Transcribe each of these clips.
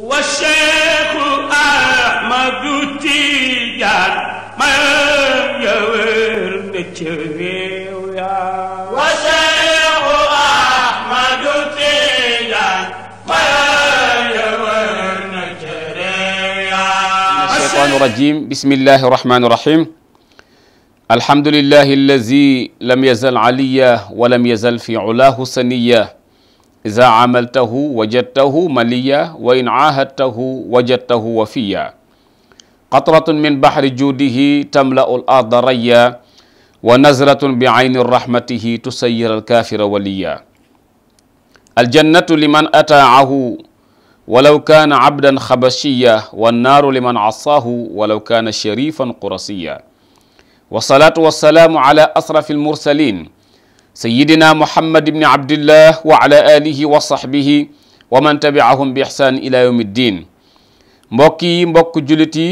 والشيخ أحمد تيجان ما يورد تريويا والشيخ أحمد تيجان الشيطان الرجيم بسم الله الرحمن الرحيم الحمد لله الذي لم يزل عليا ولم يزل في علاه سنيه إذا عملته وجدته مليا وإن عاهدته وجدته وفيا قطرة من بحر جوده تملأ الأرض ريا ونزرة بعين رحمته تسير الكافر وليا الجنة لمن أتاعه ولو كان عبدا خبشيا والنار لمن عصاه ولو كان شريفا قرسيا والصلاة والسلام على أصرف المرسلين سيدنا محمد بن عبد الله وعلى آله وصحبه ومن تبعهم بإحسان إلى يوم الدين موكي مبكي جلتي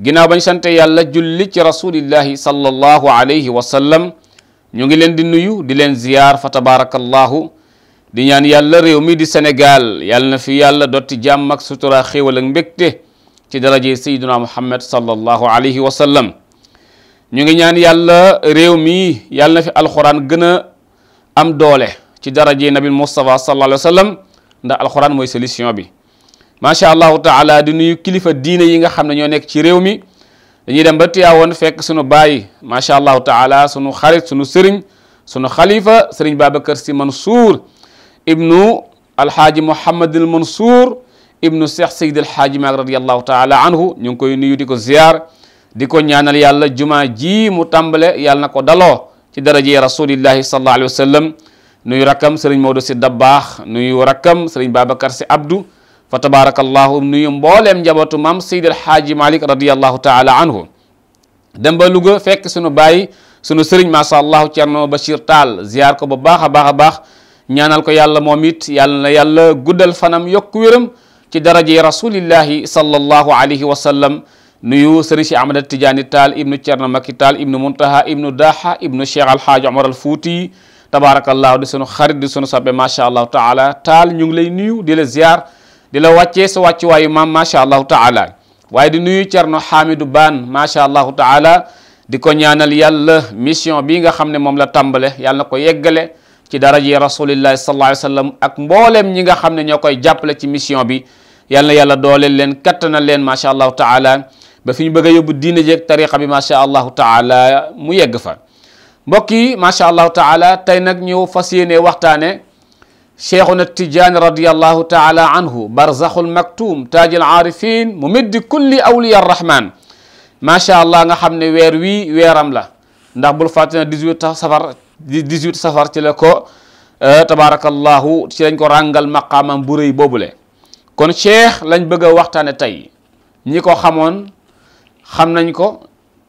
جناب شانت يالله جلت رسول الله صلى الله عليه وسلم نيغلن دي نيو دي زيار فتبارك الله دي نيان يالله ريومي دي سنغال يالنا في يالله دوتي جامك سترا خيولن بكته تدرجي سيدنا محمد صلى الله عليه وسلم ñu ngi ñaan yàlla réew mi yàlla fi alxuraan gën a am doole ci daraje nabi Mustafa sallallahu alayhi wa sallam ndax alxuraan mooy solution bi macha allahu taala di nuyu kilifa diine yi nga xam ne ñoo nekk ci réew mi dañuy dem ba woon fekk sunu baay macha allahu taala sunu xarit sunu sëriñ sunu xalifa sëriñ Babacar Sy Mansour ibnu alxaaji Mouhamadul Mansour ibnu Cheikh Seydil Xaaji Maalik radiyallahu taala anhu ñu ngi koy nuyu di ko ziar. di ko ñaanal yàlla juma ji mu tàmbale yàlla na ko daloo ci daraje rasulillahi sallallahu alayhi wa sallam nuyu rakkam sëriñ Maodo si Dabbaax nuyu rakkam sëriñ Babacar si Abdou fa tabarakallahu nuyu mbooleem njabootu maam Seydil Haaji Malik radiallahu taala anhu dem ba Louga fekk sunu baay sunu sëriñ macha allah Thierno Bachir Tall ziar ko bu baax a baax a baax ñaanal ko yàlla moom it yàlla na yàlla guddal fanam yokku wéram ci daraje rasulillahi sallallahu nuyu sëriñ si Ahmada Tijaani Taal ibnu Cerno Makki Taal ibnu Muntaha ibnu Daha ibnu Cheikh Alhaaji Omar al Fuuti tabaarakallaahu di sunu xarit di sunu soppe macha allahu taala taal ñu ngi lay nuyu di la ziar di la wàccee sa wàccuwaayu maam macha allahu taala waaye di nuyu Cerno Xaamidu Baan macha allahu taala di ko ñaanal yàlla mission bii nga xam ne moom la tàmbale yàlla na ko yeggale ci daraje rasulillahi sallallahu alayhi wa sallam ak mboolem ñi nga xam ne ñoo koy jàppale ci mission bi yàlla na yàlla dooleel leen kattanal leen macha allahu taala ba fi ñu bëgg a yóbbu diine jeeg tariqa bi macha allahu taala mu yegg fa mbokk yi macha allahu taala tey nag ñëw fa yéene waxtaane cheikhuna tijaani radiallahu taala anhu barzaxul maktum taajil aarifin mu middi kulli awliya arrahman macha allah nga xam ne weer wi weeram la ndax bul fàtte na 18 safar 18 safar ci la ko euh, tabaarakallahu ci lañ ko rangal maqaamam bu rëy boobule kon cheikh lañ bëgg a waxtaane tey ñi ko xamoon xam nañ ko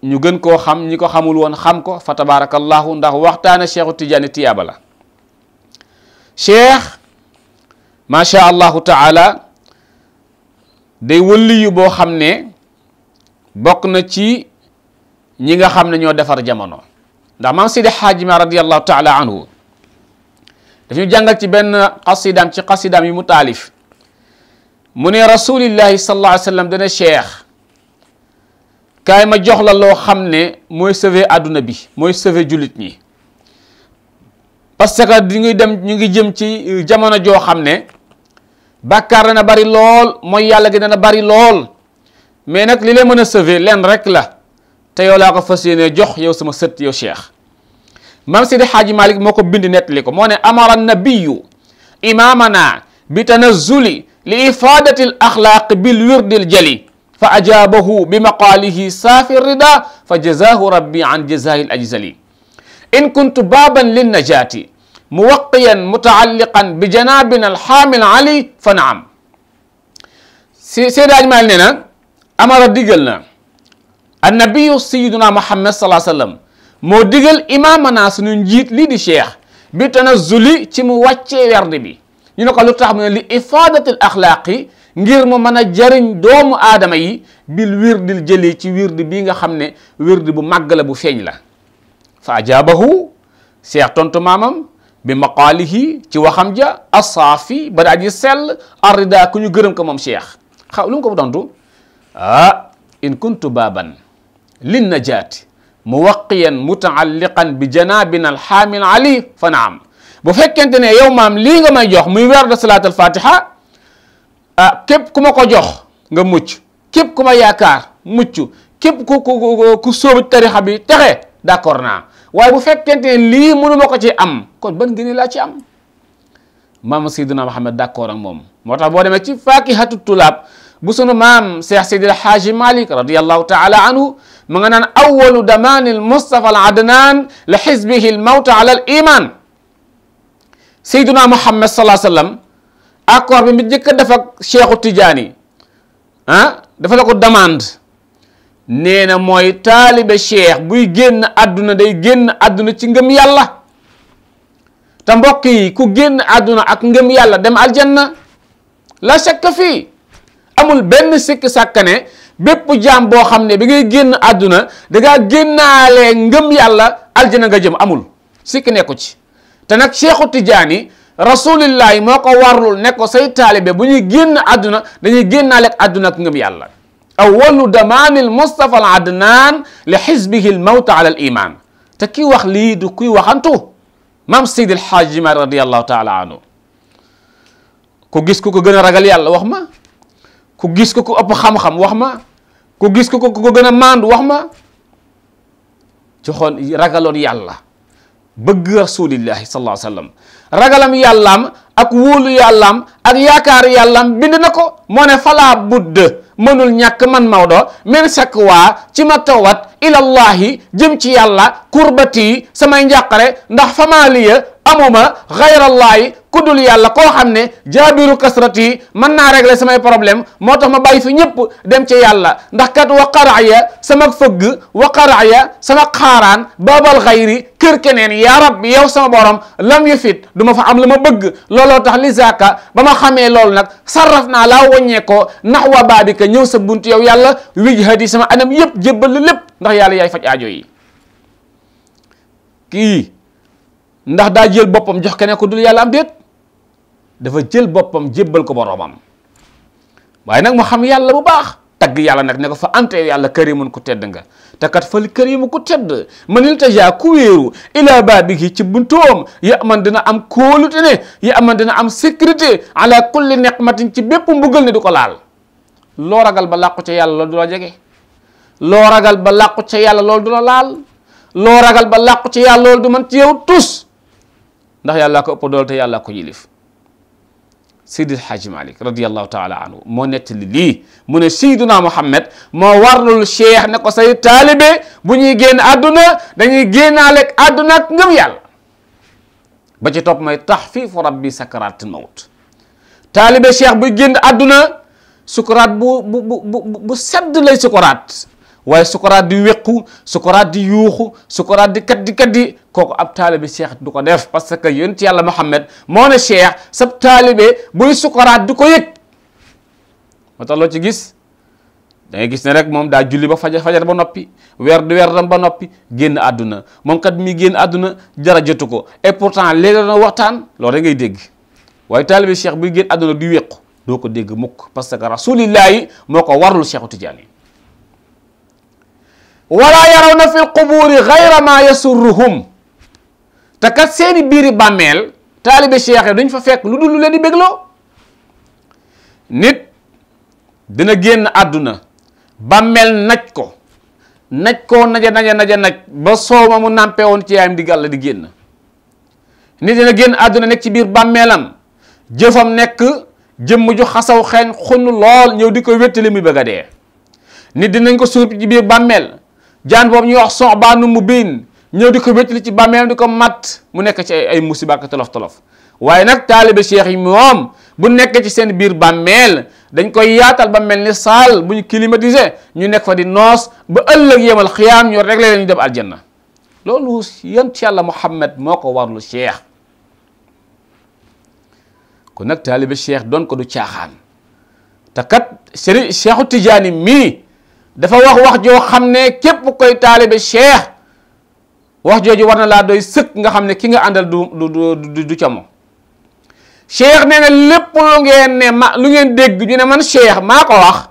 ñu gën koo xam ñi ko xamul woon xam ko fa tabarakallahu ndax waxtaane cheikhu tijaani tiyaaba la cheikh macha allahu taala day wëlli yu boo xam ne bokk na ci ñi nga xam ne ñoo defar jamono ndax maam sidi xaaji ma radiallahu taala anhu daf ñu jàngal ci benn xasidaam ci xasidaam yi mu taalif mu ne rasulillahi sallallahu alayhi wa sallam dana kaay ma jox la loo xam ne mooy sauver àdduna bi mooy sauver jullit ñi parce que di ngi dem ñu ngi jëm ci euh, jamono joo xam ne bàkkaar dana bari lool mooy yàlla gi dana bari lool mais nag li lay mën a sauver leen rek la te yow laa ko fas yéene jox yow sama sët yow cheikh mam sidi xaaji malik moo ko bind nettali ko moo ne amara nabiyu imamana bi tanazuli li ifadati al axlaaq bil wirdil jali فأجابه بمقاله صافي الرضا فجزاه ربي عن جزاه الأجزلي إن كنت بابا للنجاة موقيا متعلقا بجنابنا الحامل علي فنعم سيدي أجمال لنا أمر ديقلنا النبي سيدنا محمد صلى الله عليه وسلم moo إمامنا سننجيت suñu njiit شيخ di cheikh bi tana zuli ci لإفادة الأخلاقي ngir mu mën a jariñ doomu aadama yi bil wirdil jëli ci wirdi bii nga xam ne wirdi bu màgg la bu feeñ la fa ajaabahu seex tontu maamam bi maqaalihi ci waxam ja asaafi ba daa ji sell ku ñu gërëm ko moom cheikh xaw lu mu ko tontu ah in kuntu baaban lin najaati muwaqiyan mutaalliqan bi janabina alxaamin ne yow maam lii nga may ah képp ku ma ko jox nga mucc képp ku ma yaakaar mucc képp ku ku ku sóobu tarixa bi texe d'accord naa waaye bu fekkente ne lii mënuma ko ci am kon ban ngeen laa ci am maam Seydina Muhammad d'accord ak moom moo tax boo demee ci faakihatu tulaab bu sunu maam Cheikh Seydi El Hadji Malick radiyallahu taala anhu ma nga naan awalu damaanil Mustafa al Adnaan li xisbihi al mawta ala al iman Seydina Muhammad sallallahu alayhi wa sallam accord bi mu njëkk a def ak Cheikhu Tidiane ah, dafa la ko demand neena na mooy taalibe cheikh buy génn àdduna day génn àdduna ci ngëm yàlla te mbokk yi ku génn àdduna ak ngëm yàlla dem aljanna la sekk fii amul benn sikk sàkkane bépp jaam boo xam ne bi ngay génn àdduna dangaa génnaale ngëm yàlla aljana nga jëm amul sikk nekku ci te nag Cheikhu Tidiane rasulillahi moo ko warlul ne ko say taalibe bu ñuy génn àdduna dañuy génnaale ak àdduna ak ngëm yàlla awalu damaanil mustafa al adnaan li xisbihi al mawta ala al iman te kii wax lii kuy waxantu maam taala anhu ku gis ku ko gën a ragal yàlla wax ma ku gis ku ko ëpp wax ma ku gis ku ko ku ko gën a wax ma yàlla bëgg rasulillahi ragalam yàllaam ak wóolu yàllaam ak yaakaar yàllaam bind na ko moo ne falaa budd mënul ñàkk man Maodo min waa ci ma tawat ilallahi jëm ci yàlla kurbati samay njàqare ndax famaaliya xamuma ghayra allah kudul yalla ko xamne jabiru kasrati man na régler sama problème motax ma bàyyi fi ñepp dem ci yalla ndax kat waqara ya sama fëgg waqara ya sama kharan babal ghayri keur keneen ya rab yow sama borom lam yufit duma fa am lama bëgg lolo tax li zaaka bama ma xamee nak sarrafna la wagne ko nahwa babika ñew sa buntu yow yalla wijhadi sama anam yep jebal lepp ndax yalla yay fajj ajo yi ki ndax da jël bopam jox keneen ko dul yalla am déet dafa jël bopam jébal ko boromam waye nak mu xam yalla bu baax tag yalla nak ne ko fa ante yalla karimun ku tedd nga te kat karim ku tedd manil tajaa ku wéeru ila babiki ci ya man dina am kóolute ne ya man dina am sécurité ala kulli niqmatin ci bépp mbugal ne diko laal lo ragal ba làqu ci yalla lo du la ragal ba làqu ci yalla lol du laal ragal ba ci yalla lol du man ci yow tous ndax yàllaa ko ëpp doole te yàllaa ko yilif Seydi Haaji Malick radiyallahu taala anhu moo nettali lii mu ne Seydina Muhammad moo warlul cheikh ne ko say taalibe bu ñuy génn àdduna dañuy génnaale ak àdduna ak ngëm yàlla ba ci topp mooy taxfiifu rabbi sakaraati mawt taalibe cheikh buy génn àdduna sukuraat bu bu bu bu sedd lay sukuraat way su sukara di wéqu su di yuxu su ko kat di kat di koku ab cheikh du ko def parce que yonent yalla Muhammad mo ne cheikh sab taalibe buy sukaraat du ko yëg moo tax ci gis da ngay gis ne rek mom daa julli ba fajar fajar ba nopi wer du wer ba nopi genn aduna mom kat mi genn aduna jara jotu ko et pourtant le do waxtan lo rek ngay deg way taalibe cheikh buy genn aduna du ko mukk parce que rasulillah moko warul cheikh tidiane wala yarawna fil qubuuri xayra ma yasurruhum te kat seeni biir bàmmeel taalibe cheikh yi duñ fa fekk lu dul lu leen di bégloo nit dina génn àdduna bàmmeel naj ko naj ko naja naja naja naj ba soow ma mu nàmpe woon ci yaayam di gàll di génn nit dina génn àdduna nekk ci biir bàmmeelam jëfam nekk jëmm ju xasaw xeeñ xunn lool ñëw di ko wéttali muy bëgg a dee nit dinañ ko suub ci biir bàmmeel jaan boobu ñuy wax soxbaanu mu biin ñëw di ko wétali ci bàmmeel di ko mat mu nekk ci ay musiba ak tolof-tolof waaye nag taalibe cheikh yi moom bu nekk ci seen biir bàmmeel dañ koy yaatal ba mel ni saal bu ñu climatisé ñu nekk fa di noos ba ëllëg yemal xiyaam ñoo réglé leen ñu dem aljanna loolu yant yàlla Muhammad moo ko warlu cheikh kon nag taalibe cheikh doon ko du caaxaan te kat seri cheikhu tijaani mii dafa wax wax jo xamne kep képp koy talibé cheikh wax joju warna la doy seuk nga xamne ki nga andal du du du du chamo cheikh neena lepp lu ngeen ne ma lu ngeen deg ñu ne man cheikh mako wax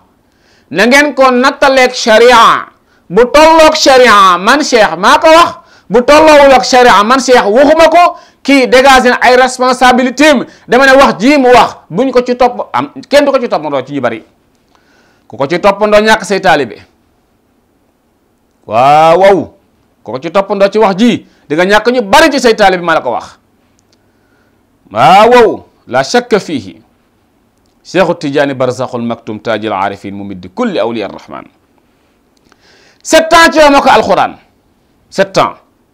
na ngeen ko nattaleeg sharia bu tolloog sharia man cheikh mako wax bu tolloowul ak sharia man cheikh waxumako ki dégager ay responsabilité dama ne wax ji mu wax buñ ko ci top am kenn du ko ci do ci bari ku ko ci toppandoo ñàkk say taalibe waaw waaw ko ci toppandoo ci wax ji di nga ñàkk ñu bari ci say taalibe ma la ko wax waaw waaw la shakka fiihi cheikhu tijaani barzaxul maktum taajil aarifin mu middi kulli awliya rahman sept ans ci yow moo ko alquran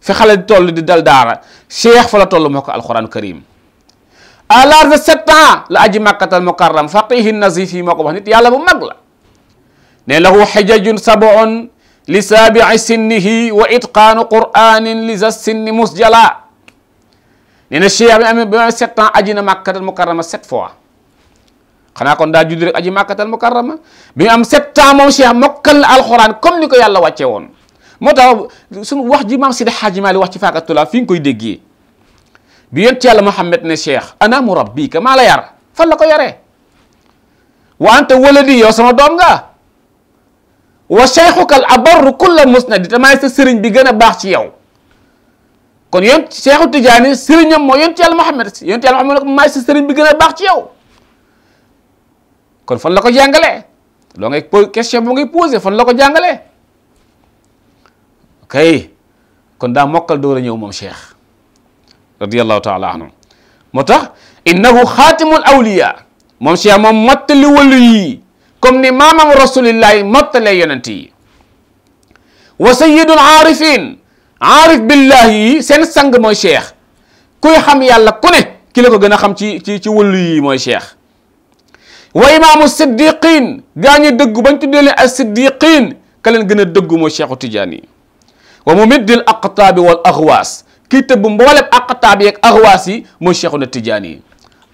fi xale di di dal daara cheikh fa la toll moo ko alquran karim à l'âge de sept ans la aji màkkatal mukarram faqihi nazif yi moo wax nit yàlla bu mag ne lahu xijajun sabon li saabici sinnihi wa itqaanu qur'anin li za sinni musjala nee na cheikh bi amee ba sept ans aji na màkkatal mukarrama sept fois xanaa kon daa judd rek aji màkkatal mukarrama bi am sept ans moom cheikh mokkal na alxuraan comme ni ko yàlla wàcce woon moo tax suñu wax ji maam Sidi Xaaji Maali wax ci faakatulaa fi nga koy déggee bi yent yàlla Muhammad ne cheikh ana murabbika maa yar fan la ko yaree wa anta waladi yow sama doom nga wa cheikhuka al abarru kulla musnadi te maay sa sëriñ bi gën a baax ci yow kon yon cheikhu tijaani sëriñam moo yontu yàlla Muhammad yontu yàlla Muhammad maay sa sëriñ bi gën a baax ci yow kon fan la ko jàngalee loo ngay question bu ngay posé fan la ko jàngalee ok kon daa mokkal door a ñëw moom cheikh radiallahu taala anhu moo tax innahu xaatimul awliya moom cheikh moom mottali wàllu yi comme ni maamam rasulillahi mottalee yonent yi wa sayidul aarifin aarif billahi yi seen sang mooy cheikh kuy xam yàlla ku ne ko gën a xam ci ci ci wëllu yi mooy cheikh wa imaamu siddiqin gaa ñu dëggu bañ tuddee leen as siddiqin ka leen gën a dëggu mooy cheikhu tijaani wa mu middil aqtaabi wal axwaas kii tëbb mboolem aqtaab yeeg axwaas yi mooy cheikhu na tijaani yi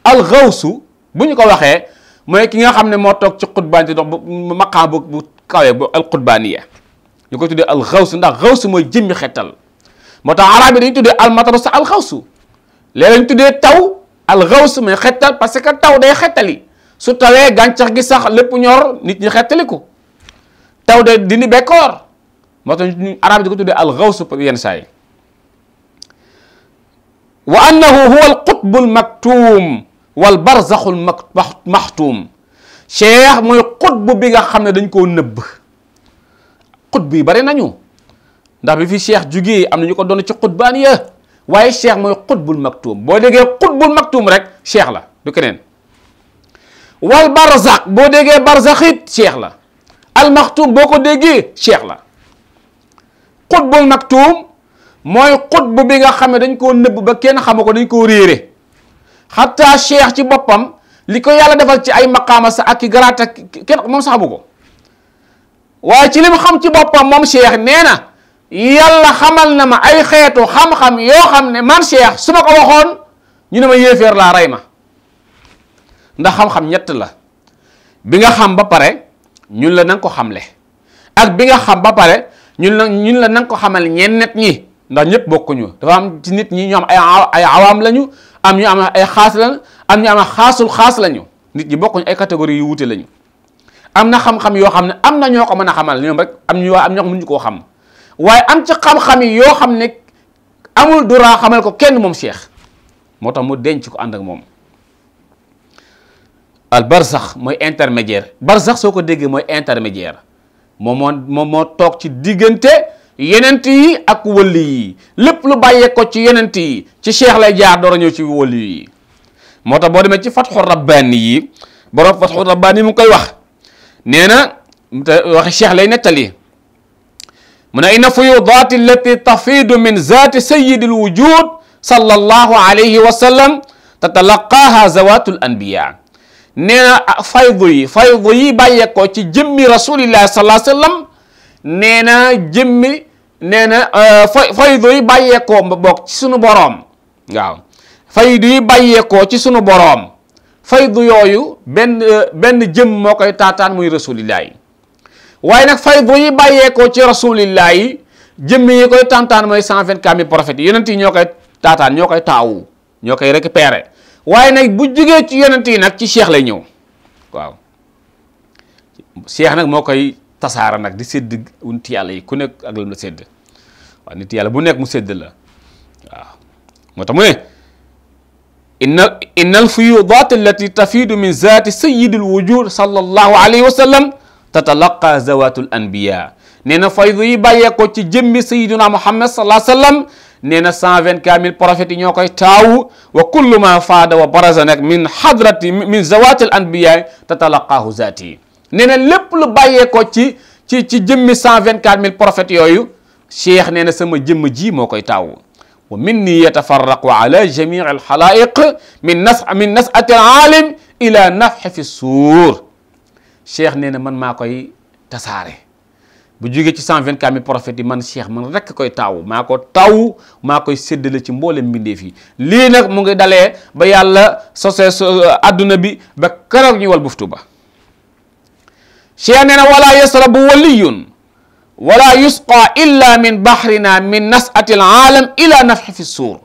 alxawsu bu ñu ko waxee mooy ki nga xam ne moo toog ci xutbaan di dox bu maqaam bu bu kawee bu al xutbaaniya ñu koy tuddee al xaws ndax xaws mooy jëmmi xetal moo tax arab yi dañu tuddee al matarosa al xawsu léegi dañu tuddee taw al xaws mooy xetal parce que taw day xetali su tawee gàncax gi sax lépp ñor nit ñi ko taw day dindi bekkoor moo tax arab yi di ko tuddee al xaws yenn saa yi wa annahu huwa al qutbu al maktuum والبرزخ المحتوم شيخ موي قطب بيغا خامن دا نكو نيب قطب بي بارينا نيو دا بي في شيخ جوغي ام نيو كو دون سي قطبان يا واي شيخ موي قطب المكتوم بو ديغي قطب المكتوم رك شيخ لا دو كنين والبرزخ بو ديغي برزخيت شيخ لا المكتوم بوكو ديغي شيخ لا قطب المكتوم موي قطب بيغا خامن دا نكو نيب با كين خامكو دا نكو ريري xataa cheikh ci boppam li ko yàlla defal ci ay maqaama sa ak i garaat ak kenn moom sax bu ko waaye ci li xam ci boppam moom cheikh nee na yàlla xamal na ma ay xeetu xam-xam yoo xam ne man cheikh su ma ko waxoon ñu ne ma yéeféer laa rey ma ndax xam-xam ñett la bi nga xam ba pare ñun la na nga ko xamle ak bi nga xam ba pare ñun la ñun la na nga ko xamal ñenn nit ñi ndax ñëpp bokkuñu dafa am ci nit ñi ñoo am ay ay awaam lañu am ñu am ay xaas lan am ñu am xaasul xaas lañu nit ñi bokkuñ ay catégorie yu wute lañu am na xam-xam yoo xam ne am na ñoo ko mën a xamal ñoom rek am ñu waa am ñoo xam ñu koo xam waaye am ci xam-xam yi yoo xam ne amul droit xamal ko kenn moom cheikh moo tax mu denc ko ànd ak moom al barsax mooy intermédiaire barsax soo ko déggee mooy intermédiaire moom moo moom moo toog ci diggante yenent yi ak wëlli yi lépp lu bàyyee ko ci yenent yi ci cheikh lay jaar door a ñëw ci moo tax boo demee ci fatxu rabbaani yi mu koy wax nee na te waxi cheikh lay nettali mu ne inna fuyudaati allati tafiidu min zaati sayidi l wujud sallallahu ci jëmmi rasulillahi nee na euh, fa faydu yi bàyyeekoo bokk ci sunu boroom waaw faydu yi bàyyeekoo ci sunu boroom faydu yooyu benn euh, benn jëm moo koy taataan muy rasulillah waaye nag faydu yi bàyyeekoo ci rasulillah yi jëmm yi koy taataan mooy cent vingt quatre mille prophètes yonent yi ñoo koy taataan ñoo koy taawu ñoo koy récupéré waaye nag bu jógee ci yonent yi nag ci cheikh lay ñëw waaw cheikh nag moo koy tasaara nag di sedd wunti yàlla yi ku nekk ak lam la sedd waaw nit yàlla bu nekk mu sédd la waaw moo tax mu ne inna inna alfuyudat allati tafiidu min zaati sayidi alwujud sallallahu alayhi wa sallam tatalaqa zawatu l anbiya nee na faydu yi bàyyeekoo ci jëmmi sayiduna muhammad sallallahu alayhi wa sallam nee na cent vingt quatre mille prophètes yi ñoo koy taawu wa kullu ma faada wa baraza nag min hadrati min zawati l anbiya tatalaqaahu zaati nee na lépp lu bàyyeekoo ci ci ci jëmmi cent vingt quatre mille prophètes yooyu شيخ نينا سما جيم جي موكاي تاو ومني يتفرق على جميع الحلائق من jamii من نسعة العالم الى نفح في السور شيخ نينا من ماكاي تساري bu jógee ci 124 000 prophète yi man cheikh man rek koy taw mako taw maa seddel ci mbolé mbindé fi li nak mu ngi dalé ba yàlla sosé aduna bi ba karok ñu wal buftu ba cheikh néna wala yasrabu waliyun ولا يسقى إلا من بحرنا من نسعة العالم إلى نفح في السور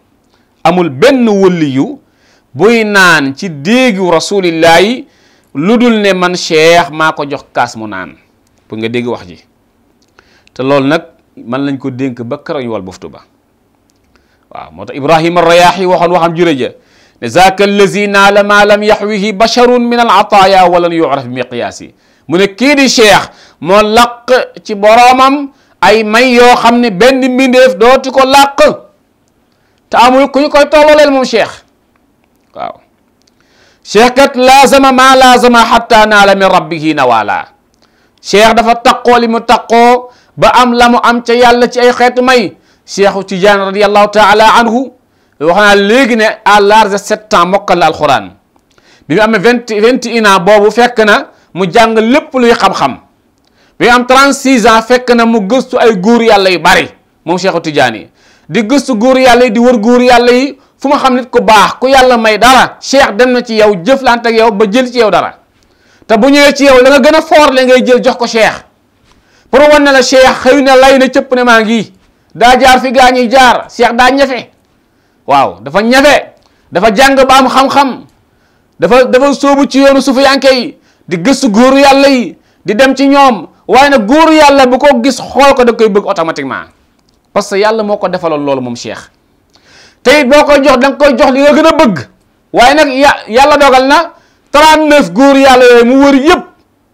amul benn wëliyu buy naan ci déegu rasulillahi lu dul ne man cheikh maa ko jox kaas mu naan pour nga dégg wax ji te loolu nag man lañ ko dénk ba keroog wal buftu ba waaw moo tax ibrahima rayaaxi waxoon waxam jurëja ne zaaka allazi naala maa lam yaxwihi basharun min al ataaya walan yuraf bi miqyaasi mu ne kii di cheikh moo làq ci boroomam ay may yoo xam ne benn mbindeef làq te amul ku koy tolloleel moom cheikh waaw cheikh kat laazama maa laazama xatta naala min rabbihi nawaala cheikh dafa taqoo li mu ba am la am ca yàlla ci ay xeetu may cheikhu Tijaan radiallahu taala anhu wax naa ne à l'âge de ans mokkal na alxuraan bi mu amee vingt vingt ans boobu fekk na mu jàng lépp luy xam-xam bi am 36 ans fekk na mu gëstu ay góor yàlla yu bari moom Cheikhu Tidiane yi di gëstu góor di wër góor yàlla yi fu ma xam nit ku baax ku yàlla may dara cheikh dem na ci yow jëflante yow ba jël ci yow dara te bu ñëwee ci yow la gën a foor ngay jël jox ko cheikh pour wan ne xëy na lay na cëpp ne maa ngi daa jaar fi jaar cheikh daa ñafe waaw dafa ñafe dafa jàng ba dafa dafa sóobu ci yoonu suufu yanke yi di gëstu góoru yàlla yi di dem ci ñoom waaye nag góoru yàlla bu ko gis xol ko da koy bëgg automatiquement parce que yalla moko ko lolu mom cheikh tay boko jox dang koy jox li nga gëna bëgg waye nak yalla dogal na 39 goor yalla yoy mu wër yëpp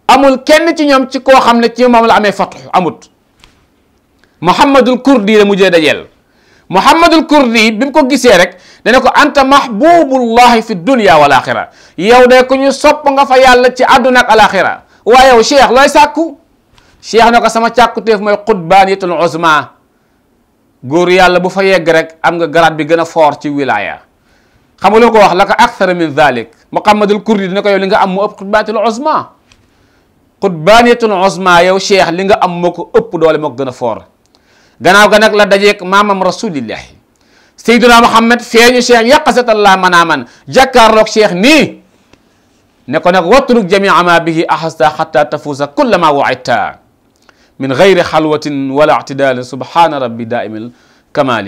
amul kenn ci ñom ci ko xamne ci mom la amé fatux amut Muhammadul Kurdi la mujjé dajel Muhammadul Kurdi bim ko gisé rek dana ko anta mahbubullahi fi dunya wal akhirah yow de ko ñu sop nga fa yalla ci aduna ak akhirah waaye yow cheikh loy sakku cheikh ne ko sama càkkutéef mooy xutbaaniyatul uzma góor yàlla bu fa yegg rek am nga grade bi gën a fort ci wilaya xam nga lu ko wax la ko akthar min zalik muhammadul kurdi dina ko yow li nga am mu ëpp xutbaaniyatul uzma xutbaaniyatul uzma yow cheikh li nga am moo ko ëpp doole moo ko gën a fort gannaaw ga nag la dajeeg maamam rasulillahi sayduna muhammad feeñu cheikh yaqasatallah manaaman jàkkaarloog cheikh nii ne ko nag watruk jamia ma bihi ahasta xata tafuusa kulla ma waidta من غير حلوة ولا اعتدال سبحان ربي دائم الكمال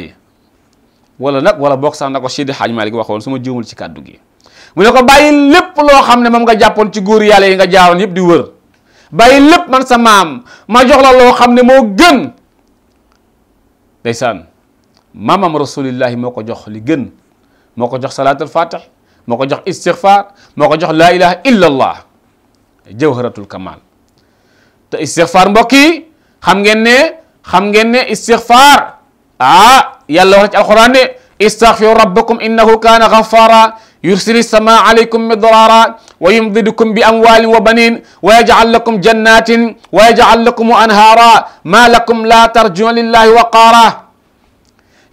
ولا نك ولا بوكس نك شيد حاج مالك واخون سما جومل سي كادو مو نكو باي ليپ لو خامني مام غا جابون سي غور يالا ييغا جاون ييب دي وور باي ليپ مان سا مام ما جوخ لا لو خامني مو گن ديسان مامام رسول الله مكو جوخ لي گن مكو جوخ صلاه الفاتح مكو جوخ استغفار مكو جوخ لا اله الا الله جوهره الكمال استغفار مبكي خم جنة خم جنة استغفار آه يلا ورد القرآن استغفروا ربكم إنه كان غفارا يرسل السماء عليكم مضرارا ويمضدكم بأموال وبنين ويجعل لكم جنات ويجعل لكم أنهارا ما لكم لا ترجون لله وقارا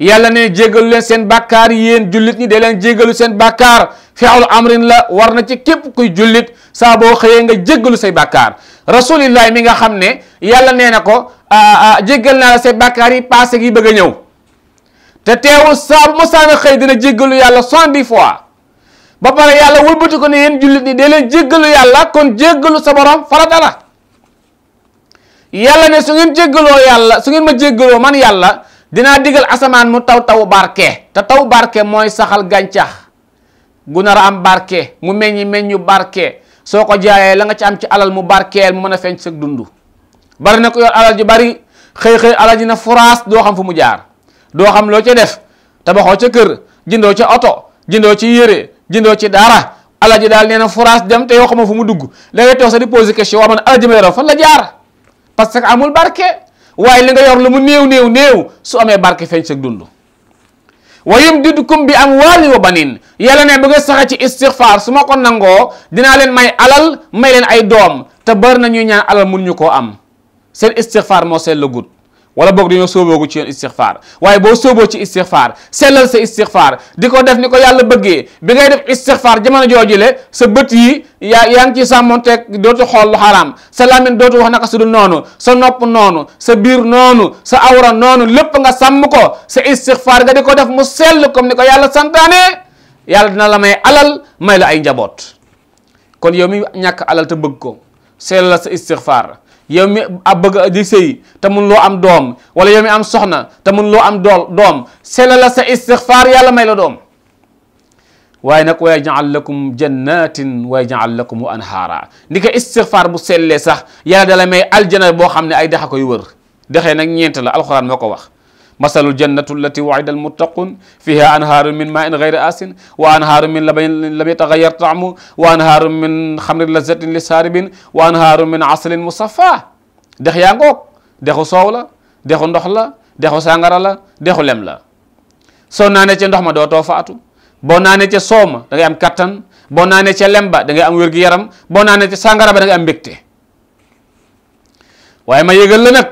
يلا نجيغل لن سن بكار يين جلتني دي لن جيغل سن بكار فعل أمر لا ورنتي كيب كي جلت سابو خيين جيغل سن بكار rasulillahi mi nga xam ne yàlla nee na ko ah, ah, jéggal naa la say bàkkaar yi passé gi bëgg a ñëw te teewul saa bu xëy dina jéggalu yàlla soixante fois ba pare yàlla wëlbati ko ne yéen jullit ni dee leen kon jéggalu sa borom farata la yàlla ne su ngeen jéggaloo yàlla su ngeen ma jéggaloo man yàlla dinaa digal asamaan mu taw taw barke te taw barke mooy saxal gàncax gu nar a am barke mu meññi meññu barke soo ko jaayee la nga ci am ci alal mu barkeel mu mën a feeñ sa dundu bari na ko yor alal ji bari xëy-xëy alal ji na furaas doo xam fu mu jaar doo xam loo ca def tabaxoo ca kër jëndoo ca oto jëndoo ci yére jëndoo ci dara alal ji daal nee na furaas dem te yoo xamoo fu mu dugg la ngay toog sa di poser question waa man alal ji ma yoroon fan la jaar parce que amul barke waaye li nga yor lu mu néew néew néew su amee barke feeñ sa dundu wa yumdidkum bi am amwaalin wa baniin yàlla ne bu nga saxee ci istixfaar su ma ko nangoo dinaa leen may alal may leen ay doom te bari na ñuy ñaan alal mun ñu koo am seen istixfaar moo seen la gudd wala boog dañoo sóoboogu ci yoon waaye boo sooboo ci istixfaar sellal sa istixfaar di ko def ni ko yàlla bëggee bi ngay def istixfaar jamono jooju le sa bët yi yaa yaa ngi ci sàmmonteeg dootu xool lu xaraam sa làmmiñ dootu wax naka su dul noonu sa nopp noonu sa biir noonu sa awra noonu lépp nga sàmm ko sa istixfaar nga di ko def mu sell comme ni ko yàlla santaane yàlla dina la may alal may la ay njaboot kon yow mi ñàkk alal te bëgg ko sellal sa istixfaar yow mi ab bëgg di sëy te mun loo am doom wala yow mi am soxna te mun loo am dool doom sela la sa istixfaar yàlla may la doom waaye nag wa yaj'al lakum jannatin wa yaj'al lakum anhaara ni ko istixfaar bu sellee sax yàlla la may aljana boo xam ne ay dex a koy wër dexee nag ñeent la alxuraan moo ko wax masalul jannatu allati wa'ida almuttaqun fiha anhaarun min ma'in ghayri asin wa anhaarun min labanin lam yataghayyar ta'mu wa anhaarun min khamrin lazzatin lisharibin wa anhaarun min asalin musaffa dex yaa dexu soow la dexu ndox la dexu sàngara la dexu lem la soo naanee ca ndox ma dootoo faatu boo naanee ca soow ma dangay am kattan boo naanee ca lem ba da am wér yaram boo naanee ca sàngara ba da am mbégte waaye ma yëgal la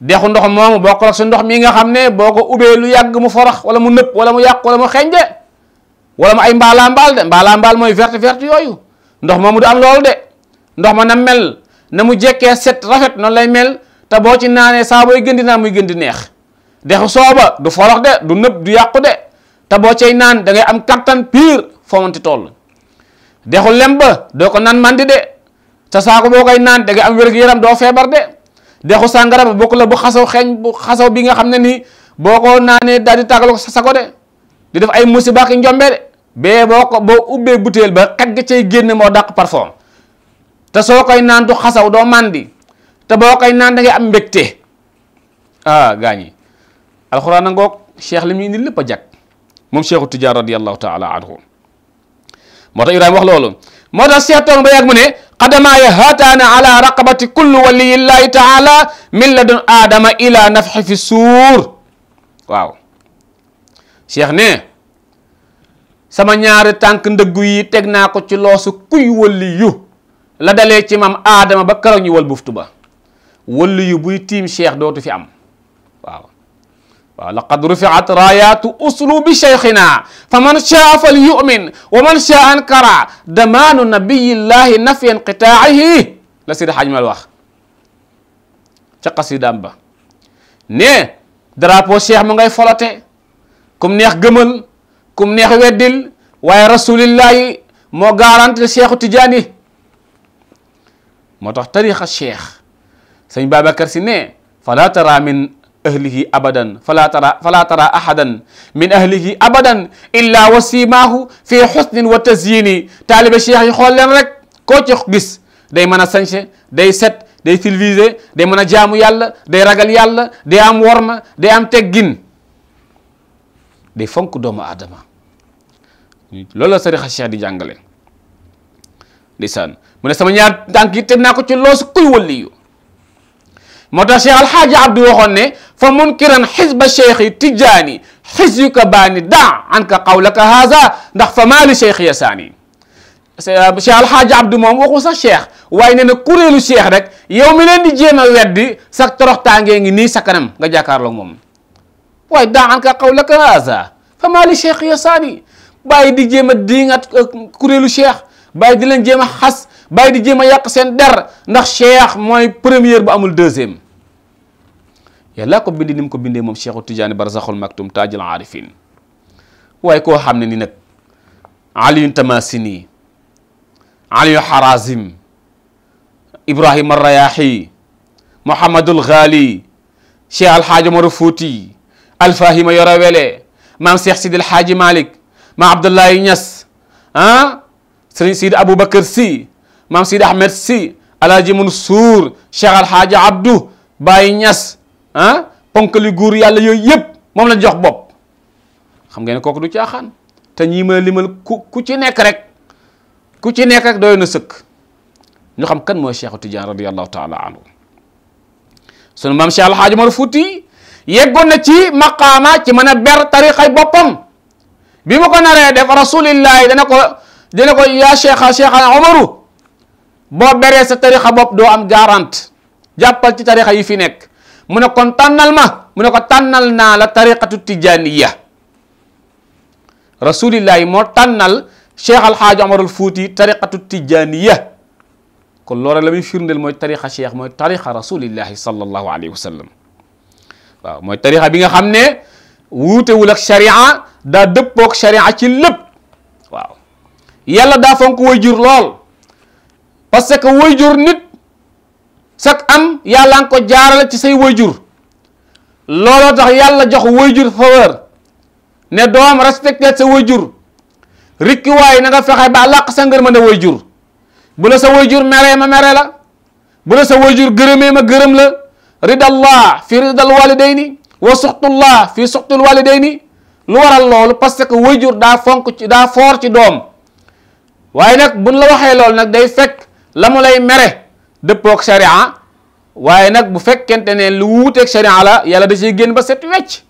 dexu ndox moomu bokk ak sa ndox mi nga xam ne boo ko ubbee lu yàgg mu forax wala mu nëpp wala mu yàq wala mu xeeñ wala mu ay mbaala mbaal de mbaala mbaal mooy verte verte yooyu ndox moomu du am loolu de ndox ma na mel na mu jekkee set rafet noonu lay mel te boo ci naanee saa booy gëndi di naan muy gëndi neex dexu sooba du forax de du nëpp du yàqu de te boo cay naan da ngay am kattan pire foo ti toll dexu lemba doo ko nan mandi de te saako boo koy naan da ngay am wér-gu-yaram doo feebar de dexu sàngara ba bokk la bu xasaw xeeñ bu xasaw bi nga xam ne nii boo ko naanee daal di tàggaloo sa ko de di def ay musiba ak njombe de bee boo ko boo ubbee butéel ba xet ga cay génn moo dàq parfum te soo koy naan du xasaw doo màndi te boo koy naan da am mbégte ah gaa ñi a ngoog cheikh li muy lépp a jag moom cheikhu tijaan radiallahu taala anhu moo tax Ibrahima wax loolu moo tax seex toog ba yàgg mu ne qadamaaya haataana ala raqabati kulli waliyillahi taala min ladun aadama ila nafxi fi suur waaw ne sama ñaari tànk ndëggu yi teg naa ko ci loosu kuy wëlli yu la dalee ci maam aadama ba keroog wal buftu ba wëlli yu buy tiim cheikh dootu fi am waaw laqad rufiat rayatu uslubi cheikhina fa man chaa fal yumin wa man chaa ankara damaanu nabiyillahi nafi inqitaahi la Seydi Hajji Maalik wax ca xasidaam ba ne drapeau cheikh mu ngay folote kum neex gëmal kum neex weddil waaye rasulillahi moo garanti cheikhu Tijaani moo tax tariqa cheikh sëñ Babacar Si ne fala tara min أهله أبدا فلا ترى فلا ترى أحدا من أهله أبدا إلا وسيماه في حسن وتزيين طالب الشيخ يقول لنا رك كوتش gis day mën a sañse day set day civilisé day mën a jaamu yàlla day ragal yàlla day am worma day am teggin day fonk doomu aadama loolu la sëriñ Cheikh di jàngale ndeysaan mu ne sama ñaar tànk yi teg naa ko ci loosu kuy waliyu موتا شيخ الحاج عبد الوهون فمنكرا حزب الشيخ تجاني حزبك باني دع عنك قولك هذا ندخ فمال الشيخ يساني شيخ الحاج عبد موم واخو سا شيخ واي نين كوريلو شيخ رك يوم لين دي جيما ويدي سا تروخ تانغي ني سكنم غا جاكارلو موم واي دع عنك قولك هذا فمال الشيخ يساني باي دي جيما دينغات كوريلو شيخ باي دي لين جيما خاص bàyyi di jéem a yàq seen der ndax cheikh mooy première bu amul deuxième yàlla ko bindi ni mu ko bindee moom cheikhu tijaani barzaxul maktum taajul arifin waaye koo xam ne ni nag aliyu tamasini aliyu harazim ibrahima rayahi mouhamadul ghali cheikh alhaaji omar fouti alfahima yoro wele maam cheikh sidil haaji malik maam abdoulaye ñas ah sëriñ sidi aboubacar si Mam Sidi Ahmed si sur Mansuur Cheikh Alhaaji Abdou Baye Ñas ah ponk li guur yàlla yooyu yëpp moom lañ jox bop xam ngeen ne du ci xaan te ñi ma limal ku ci nek rek ku ci nek rek doyna seuk ñu xam kan mo Cheikh Tidiane radiyallahu taala anhu sunu mam Cheikh Alhaaji mar fouti yeggon na ci maqama ci mana ber tariqay bopam bima ko naree def rasulillah dana ko dina ko ya Cheikh Cheikh Umaru boo beree sa tarixa bopp doo am garante jàppal ci tarixa yi fi nekk mu ne kon tànnal ma mu ne ko tànnal naa la tariqatu tijaniya rasulillahi moo tànnal cheikh alxaaji amarul fuuti tariqatu tijaniya kon loola la muy firndeel mooy tarixa cheikh mooy tarixa rasulillahi sallallahu alayhi wa sallam waaw mooy tarixa bi nga xam ne wuutewul ak sharia daa dëppook sharia ci lépp waaw yàlla daa fonk lool parce que wayjur nit sak am yàlla nga ko ci say wayjur looloo tax yàlla jox wayjur faveur ne doom respecté sa wayjur rikki waay na nga fexe ba làq sa ngërëm ne wayjur bu la sa wayjur meree ma mere la bu la sa wayjur gërëmee ma gërëm la ridallah fi ridal walidayni wa suxtullah fi suxtul walidayni lu waral loolu parce que wayjur daa fonk ci daa foor ci doom waaye nag buñ la waxee loolu nag day fekk la mu lay mere dëppook sharia waaye nag bu fekkente ne lu wuuteeg sharia la yàlla da ciy génn ba set wecc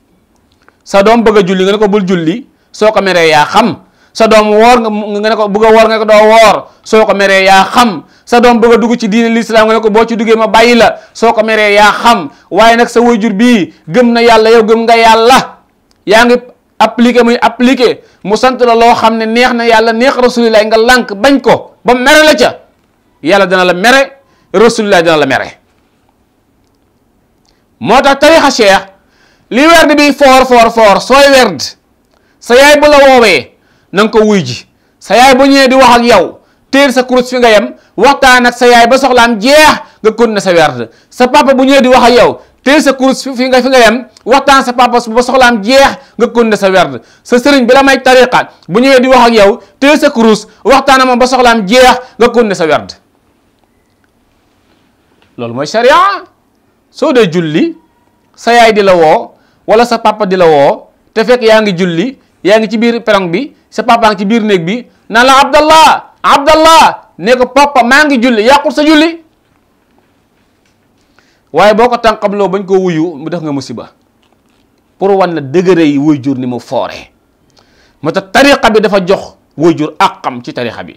sa doom bëgg a julli nga ne ko bul julli soo ko meree yaa xam sa doom woor nga ne ko bëgg a woor ko doo woor soo ko yaa xam sa doom bëgg dugg ci diine l'islam nga ne ko boo ci duggee ma bàyyi la soo ko meree yaa xam waaye nag sa wayjur bii gëm na yàlla yow gëm nga yàlla yaa ngi appliqué muy appliqué mu sant la loo xam ne neex na yàlla neex rasulilaay nga lànk bañ ko ba mere la ca yàlla dana la mere rasulullah dana la mere moo tax tarixa cheikh li werd bi foor foor foor sooy werd sa yaay bu la woowee na nga ko wuy ji sa yaay bu ñëwee di wax ak yow téer sa kurus fi nga yem waxtaan ak sa yaay ba soxlaam jeex nga continuer sa werd sa papa bu ñëwee di wax ak yow téer sa kurus fi nga fi yem waxtaan sa papa ba soxlaam jeex nga continuer sa werd sa sëriñ bi la may tariqa bu ñëwee di wax ak yow téer sa kurus waxtaan moom ba soxlaam jeex nga continuer sa werd lolou moy sharia so de julli sa yaay di la wo wala sa papa di la wo te fek yaangi yang julli yaangi ci bir perang bi sa papa ngi ci bir neeg bi nala abdallah abdallah ne papa maa ngi julli yàqul sa julli waye boko tankablo bagn ko wuyu mu def nga musiba pour wan la degeere yi woy ni mo foré mata tariqa bi dafa jox woy akam ci tariqa bi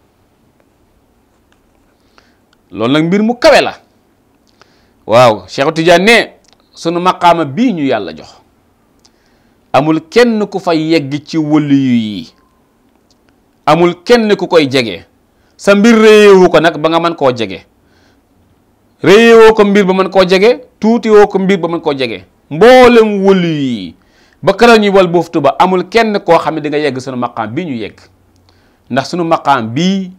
loolu nag mbir mu kawe la waaw Cheikh Tidiane ne sunu maqaama bii ñu yàlla jox amul kenn ku fa yegg ci wëliyu yi amul kenn ku koy jege sa mbir réyewu ko nag ba nga mën koo jege réyewoo ko mbir ba mën koo jege tuutiwoo ko mbir ba mën koo jege mboolem wëliyu yi ba këral ñuy wal buftu ba amul kenn koo xam ne di nga yegg sunu maqaam bii ñu yegg sunu maqaam bii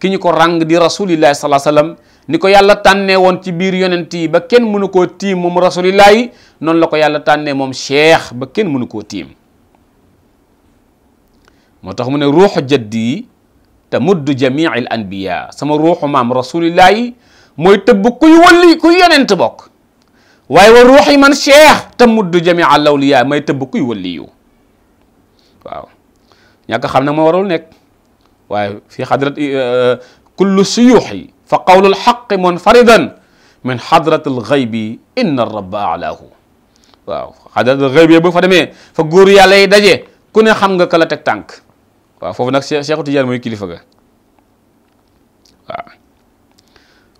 kiñu ko rang di rasulillah Sallallahu Alaihi Wasallam, niko yalla tanne won ci bir yonenti ba ken mënu koo tiim moom rasulillahi noonu la ko yalla tanne mom cheikh ba ken mënu koo tiim moo mu ne jaddi tamuddu jamii anbiya sama ruuxu mam rasulillah moy tëbb kuy wëlli kuy yonent bok waaye wa ruhi man cheikh tamuddu jamii awliya may kuy yu waaw ñaka xamna mo warul nek وفي حضرة إيه، آه، كل سيوحي فقول الحق منفردا من حضرة الغيب إن الرب أعلاه حضرة الغيب يبقى فدمي فقور يا لي دجي كوني خمغ كلا تك تانك فوف نك شيخ تجال موي كليفة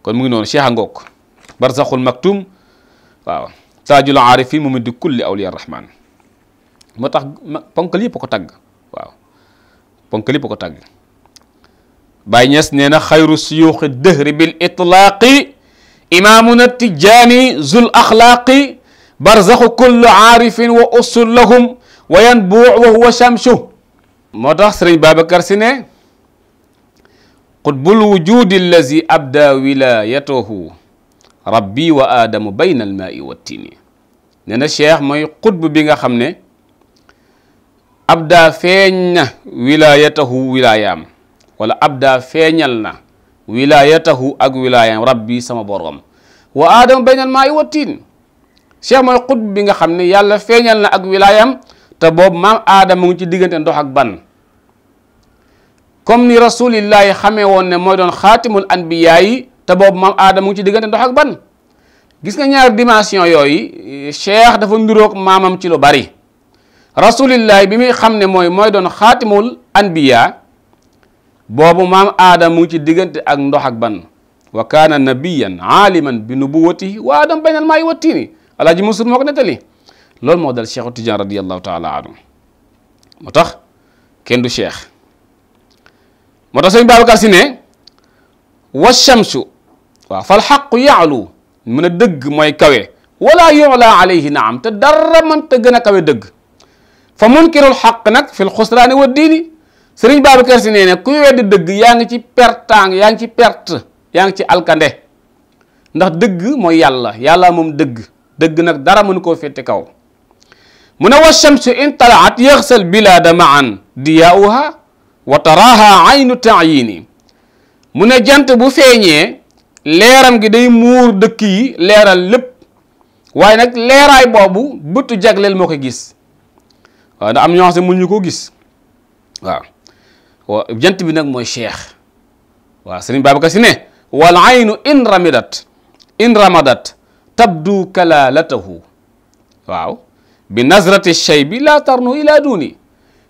كون موي نون شيخ نغوك برزخ المكتوم تاج العارفين ممد كل أولياء الرحمن متخ بانكلي بكو تاج واو بانكلي بكو تاج باينس نينا خير سيوخ الدهر بالإطلاق إمامنا التجاني ذو الأخلاق برزخ كل عارف وأصل لهم وينبوع وهو شمشه موتاخ سري بابكر سيني قد الوجود الذي أبدى ولايته ربي وآدم بين الماء والتين نينا شيخ ما يقد بيغا خمني أبدى فين ولايته ولايام wala abda feeñal na wilayatahu ak wilaayam rabbi sama borom wa Adam baynal mai watin. wa tin cheikh moy xutb bi nga xam yalla yàlla na ak wilayam te bob maam adam mu ci diggante ndox ak ban comme ni rasulillahi won ne moy don khatimul anbiya yi te bob maam adam mu ci diggante ndox ak ban gis nga ñaar dimension yoy cheikh dafa ndurok mamam ci lu bari rasulillahi bi mi xamne moy moy don khatimul anbiya boobu maam aadam mu ngi ci diggante ak ndox ak ban wa kaana nabiyan aaliman bi nubuwatihi wa aadam baynal maayi wa tiini alaaji Mansuur moo ko nettali loolu moo dal cheikhu Tijaan radiallahu taala anhu moo tax kenn du cheikh moo tax sëñ Babacar Si ne wa shamsu waaw fal xaqu yaalu mën a dëgg mooy kawe wala yulaa alayhi naam te dara man te gën a kawe dëgg fa munkirul xaq nag fil xusraani wa diini serigne babacar si neene kuy weddi dëgg yaa yang ci pertang yaa ngi ci perte yaa ngi ci alkande ndax dëgg moy yalla yalla mom dëgg dëgg nak dara mënu ko kaw shamsu in talaat yaghsal bilaada maan diya'uha wa taraha aynu ta'yini mu jant bu feeñee léram gi day muur dëkk yi léral lepp waye nak léray bobu bëtu jaglél moko gis wa da am ñoo mënu ko gis waaw wa jant bi nak moy cheikh wa serigne Babacar sine ne wal aynu in ramidat in ramadat tabdu kalalatuhu waaw bi nazrati shay bi laa tarnu ila duni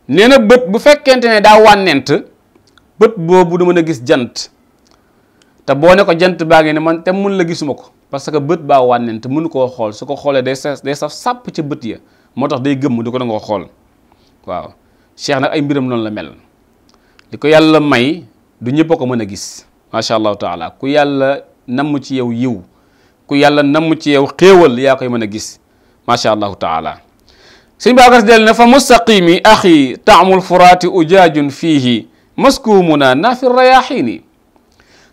nee na bu fekente ne da wanent bët bobu na gis jant ta boo ne ko jant baa ngi ne man te mun la gisumako ko parce que beut ba wanent mun ko xol suko ko day sa day saf sap ci beut ya motax day gem du ko nga xol xool cheikh nak ay mbiram non la mel li ko yàlla may du ñëpp ko mëna gis ma sha Allah taala ku yàlla nam ci yow yiw ku yàlla nam ci yow xewal ya koy mëna gis ma sha Allah taala sëñ baagas del na fa mustaqimi akhi ta'mul taamul furaati fihi maskumuna na fi rayahini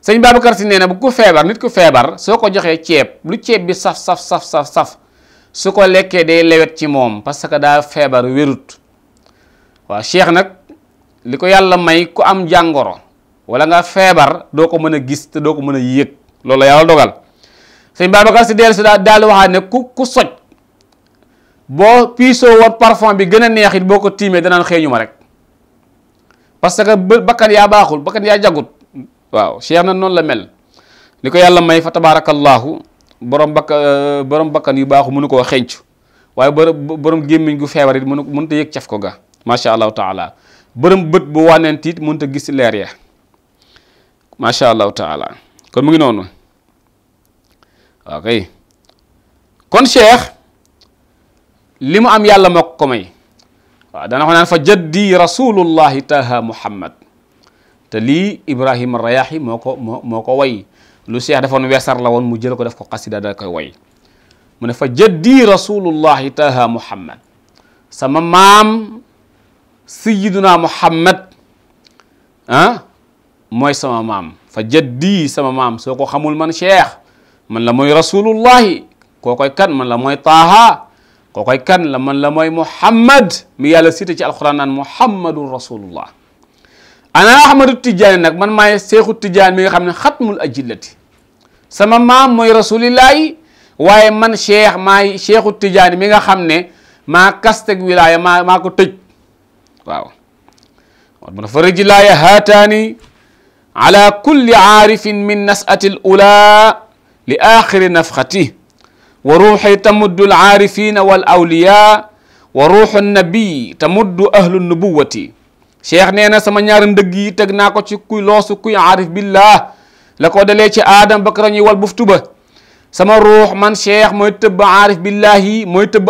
sëñ Babacar si nee na bu ko febar nit ko febar soko joxe joxee lu ceeb bi saf saf saf saf saf suko lekke lekkee day lewet ci mom parce que da febar wérut wa cheikh nak li ko yàlla may ku am jàngoro wala nga feebar doo ko mën a gis te doo ko mën a yëg loolu la yàlla dogal sëñ Babacar si dellu si daal daal waxaat ne ku ku soj boo piisoo woon parfum bi gën a neex it boo ko tiimee danaan xeeñu ma rek parce que bakkan yaa baaxul bakkan yaa jagut waaw cheikh na noonu la mel li ko yàlla may fa tabaarakallaahu borom bakk euh, borom bakkan yu baaxu mënu koo xencu waaye borom borom gémmiñ gu feebar it mënu mënut a yëg caf ko ga macha allahu taala borom beut bu wanenti it mënut gis leer ya sha allah taala kon mu ngi nonu okay kon cheikh limu am yalla mako ko may wa dana ko fa jaddi rasulullah taha muhammad te li ibrahim rayaxi moo moko moo way lu cheikh defoon wessar la won mu jël ko def ko qasida da koy way mu ne fa jaddi rasulullah taha muhammad sama mam sayyiduna muhammad ah mooy sama maam fa jaddi sama maam soo ko xamul man cheikh man la mooy rasulullahi koo koy kan man la mooy taaha koo koy kan la man la mooy muhammad mi yàlla cité ci alquran naan muhammadun rasulullah ana ahmadu tijaani nag man maay seexu tijaani mi nga xam ne xatmul ajillati sama maam mooy rasulillahi waaye man cheikh maay seexu tijaani mi nga xam ne maa kasteg wilaaya maa maa ko tëj waaw mu ne fa rijlaaya haataani ala kulli aarifin min nafxati wa ruuxi tamuddu alaarifina wal awliya wa ruuxu nabii ahlu nubuwati cheikh nee na sama ñaari ndëgg yi teg naa ko ci kuy loosu kuy aarif billah la ko dalee ci aadam ba kara ñuy wal buftu ba sama ruux man cheikh mooy tëbb aarif billah yi mooy tëbb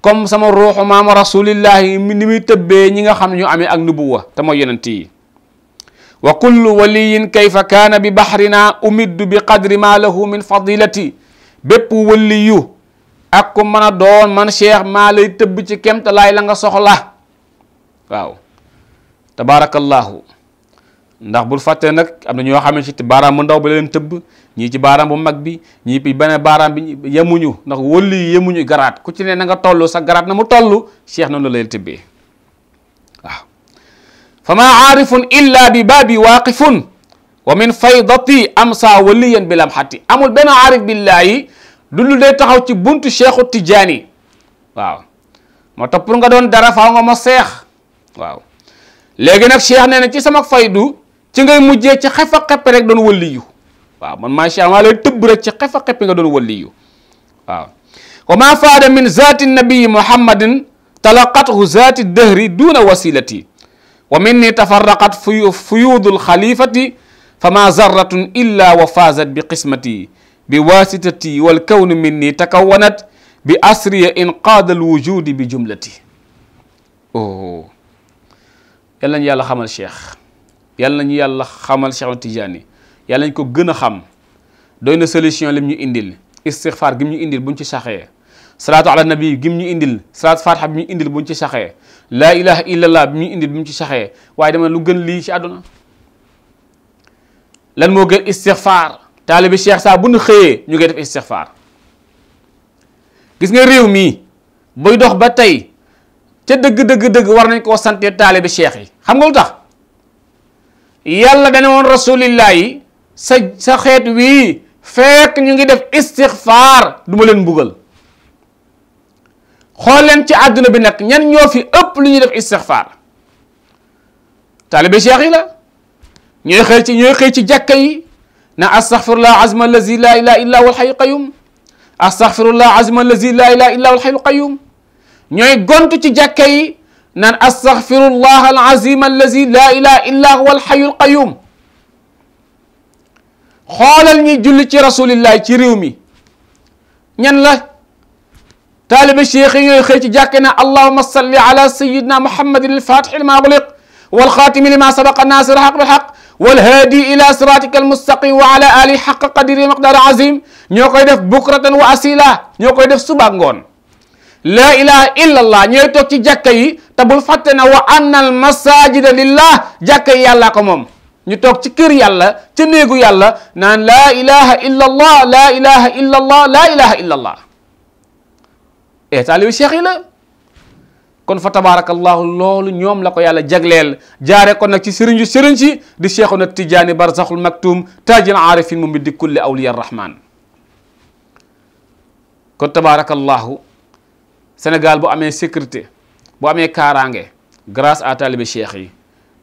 comme sama ruuxu maama rasulillahi ni muy tëbbee ñi nga xam ne ñu amee ak nubuwa te wa kullu waliyin kayfa kaana bi baxrina umiddu bi qadri ma lahu min fadilati bépp waliyu ak ku mën doon man cheikh maa lay tëbb ci kemtalaay la nga soxla waaw tabaarakallahu ndax bul fàttee nag am na ñoo xamante ci baaraam mu ndaw ba leen tëbb ñii ci baaraam bu mag bi ñii ci beneen baaraam bi yemuñu ndax wëlli yi ñu garaat ku ci ne na nga toll sa garaat na mu tollu cheikh noonu la leen tëbbee waaw fa maa aarifun illa bi baabi waaqifun wa min faydati amsa waliyan bi lamxati amul benn aarif billaahi du lu day taxaw ci buntu cheikhu tijaani waaw moo tax nga doon dara fa nga ma seex waaw nag cheikh nee na ci sama faydu ci ngay mujjé ci xefa xep rek doon waliyu waaw man ma sha allah lay tëbb rek ci xefa xep nga doon waliyu waaw wa ma faada min zaati nabi muhammadin talaqathu zaati dahri duna wasilati wa minni tafarraqat fuyudul khalifati fama zarratun illa wa fazat bi qismati bi wasitati wal kawn minni takawanat bi asri inqad al wujudi bi jumlati oh yàlla ñu yàlla xamal cheikh yàlla ñu yàlla xamal Cheikh Tidiane yàlla nañ ko gën a xam doo na solution lim ñu indil istixfaar gim ñu indil buñ ci saxee salaatu ala nabi gim ñu indil salaatu fatiha bi ñu indil buñ ci saxee laa ilaha illallah bi ñu indil buñ ci saxee waaye dama lu gën lii ci àdduna lan moo gën istixfaar taalibi cheikh saa bu nu xëyee ñu koy def istixfaar gis nga réew mii buy dox ba tey ca dëgg dëgg dëgg war nañ koo sante taalibi cheikh yi yàlla dane woon rasulillah yi sa sa xeet wii fekk ñu ngi def istixfaar du ma leen mbugal xool leen ci àdduna bi nag ñan ñoo fi ëpp lu ñuy def istixfaar taalibe cheikh yi la ñooy xëy ci ñooy xëy ci jàkka yi na astaxfirullah azma allazi la ilaha illa huwa alxayu qayum astaxfirullah la ilaha illa huwa alxayu qayum ñooy gontu ci jàkka نن أستغفر الله العظيم الذي لا إله إلا هو الحي القيوم خالل ني جولي رسول الله تي ريومي نان لا طالب الشيخ يوي جاكنا اللهم صل على سيدنا محمد الفاتح المغلق والخاتم لما سبق الناس الحق بالحق والهادي الى صراطك المستقيم وعلى ال حق قدير مقدار عظيم نيوكاي ديف بكره واسيلا نيوكاي ديف صبا laa ilaha illa allah toog ci jàkka yi te bul fàtte na wa annal masajida lillah jàkka yi ko moom ñu toog ci kër yàlla ci néegu yàlla naan laa ilaha illa allah laa ilaha illa allah laa yi la kon fa tabarakallahu loolu ñoom la ko yàlla jagleel jaare ko nag ci sëriñ yu sëriñ si di cheikhuna tijaani barzaxul maktum taajil aarifin mu mbi di kulli awliya rahman kon tabarakallahu Sénégal bu amee sécurité boo amee kaaraange grace à talibé cheikh yi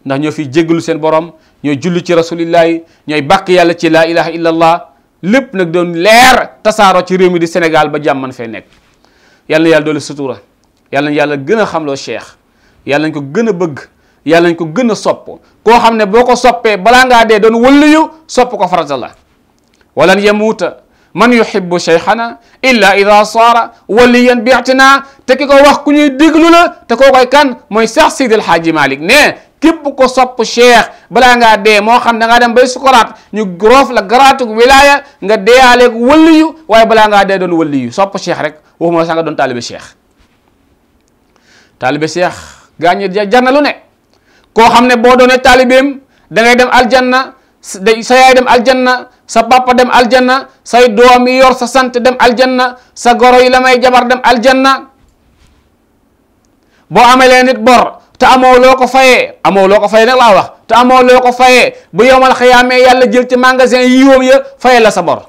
ndax ñoo fi jéggalu seen borom ñooy julli ci rasulillah ñooy bàkk yàlla ci laa ilaha illallah lépp nag doon leer tasaaroo ci réew mi di Sénégal ba jàmm man fay nekk yalla na yàlla doole sutura yàlla na yàlla gën a loo cheikh yàlla nañ ko gën a bëgg yàlla nañ ko gën a sopp koo xam ne boo ko soppee balaa ngaa dee doon wëlliyu sopp ko farata la walan yamuuta man yuhibbu shaykhana illa idha sara waliyan bi'tina te ki ko wax ku ñuy déglu la te koo koy kan mooy Cheikh Sidi El Hadji ne képp ko sopp cheikh balaa ngaa dee moo xam da ngaa dem bay sukuraat ñu groof la garaatug wilaya nga deeyaaleeg waliyu waaye balaa ngaa de don waliyu sop cheikh rek waxuma sax nga doon taalibe cheikh taalibe cheikh gaañu lu ne koo xam ne boo doonee taalibeem da ngay dem aljanna dem aljanna sa papa dem aljanna say doom yi yor sa sant dem aljanna sa goro yi la may jabar dem aljanna boo amalee nit bor te amoo loo ko fayee amoo loo ko fayee nag wax te amoo loo ko fayee bu yomal xiyaamee yàlla jël ci magasin yi yóom ya fayee la sa bor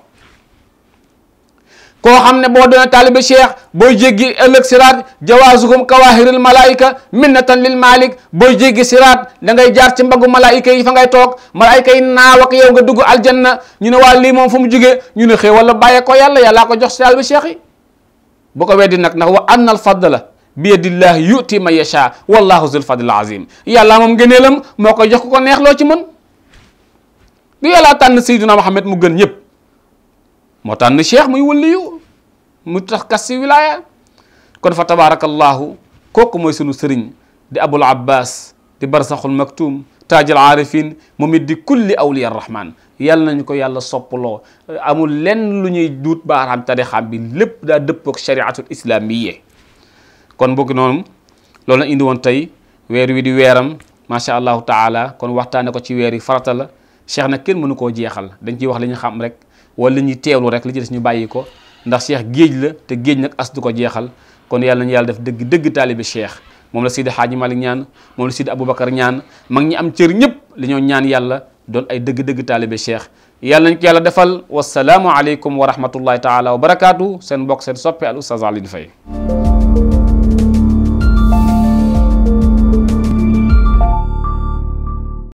koo xam ne boo doone taalibe cheikh boo jéggi ëllëg siraat jawaasuhum kawaahiril malaayika minnatan lil malik boo jéggi siraat da ngay jaar ci mbaggu malaayika yi fa ngay toog malaayika yi naaw ak yow nga dugg aljanna ñu ne waa lii moom fu mu jugee ñu ne xéewal la bàyyee ko yàlla yàllaa ko jox si taalibe cheikh yi bu ko weddi nag ndax wa anna al fadla bi yadillahi yuti man yasha wallahu zul fadlil azim yàlla moom ngëneelam moo ko jox ko neex loo ci mën tànn sayyiduna Muhammad mu gën ñëpp moo ni cheikh muy wuliyu mu tax kas wilaya kon fa tabarakallah koku moy sunu serign di abul abbas di barsakhul maktum tajil arifin momit di kulli awliya rahman yal nañu ko yalla soplo amul lenn lu ñuy duut baaraam xam bi lepp da deppok shariatul islamiyya kon bokk non lolou la indi won tay wer wi di allahu taala kon waxtane ko ci weer yi farata la cheikh nag ken mënu koo dañ ci wax liñu xam rek wala ñu teewlu rek li ci des ñu bàyyi ko ndax cheikh géej la te géej nag as du ko jeexal kon yàlla nañu yàlla def dëgg dëgg taalibe cheikh moom la Sidi Xaaji Malik ñaan moom la Sidi Aboubacar ñaan mag ñi am cër ñëpp li ñoo ñaan yàlla doon ay dëgg-dëgg taalibe cheikh yàlla nañ ko yàlla defal wasalaamu aleykum wa rahmatullahi taala wa barakaatu seen mbokk seen soppe al Oustaz Alioune Faye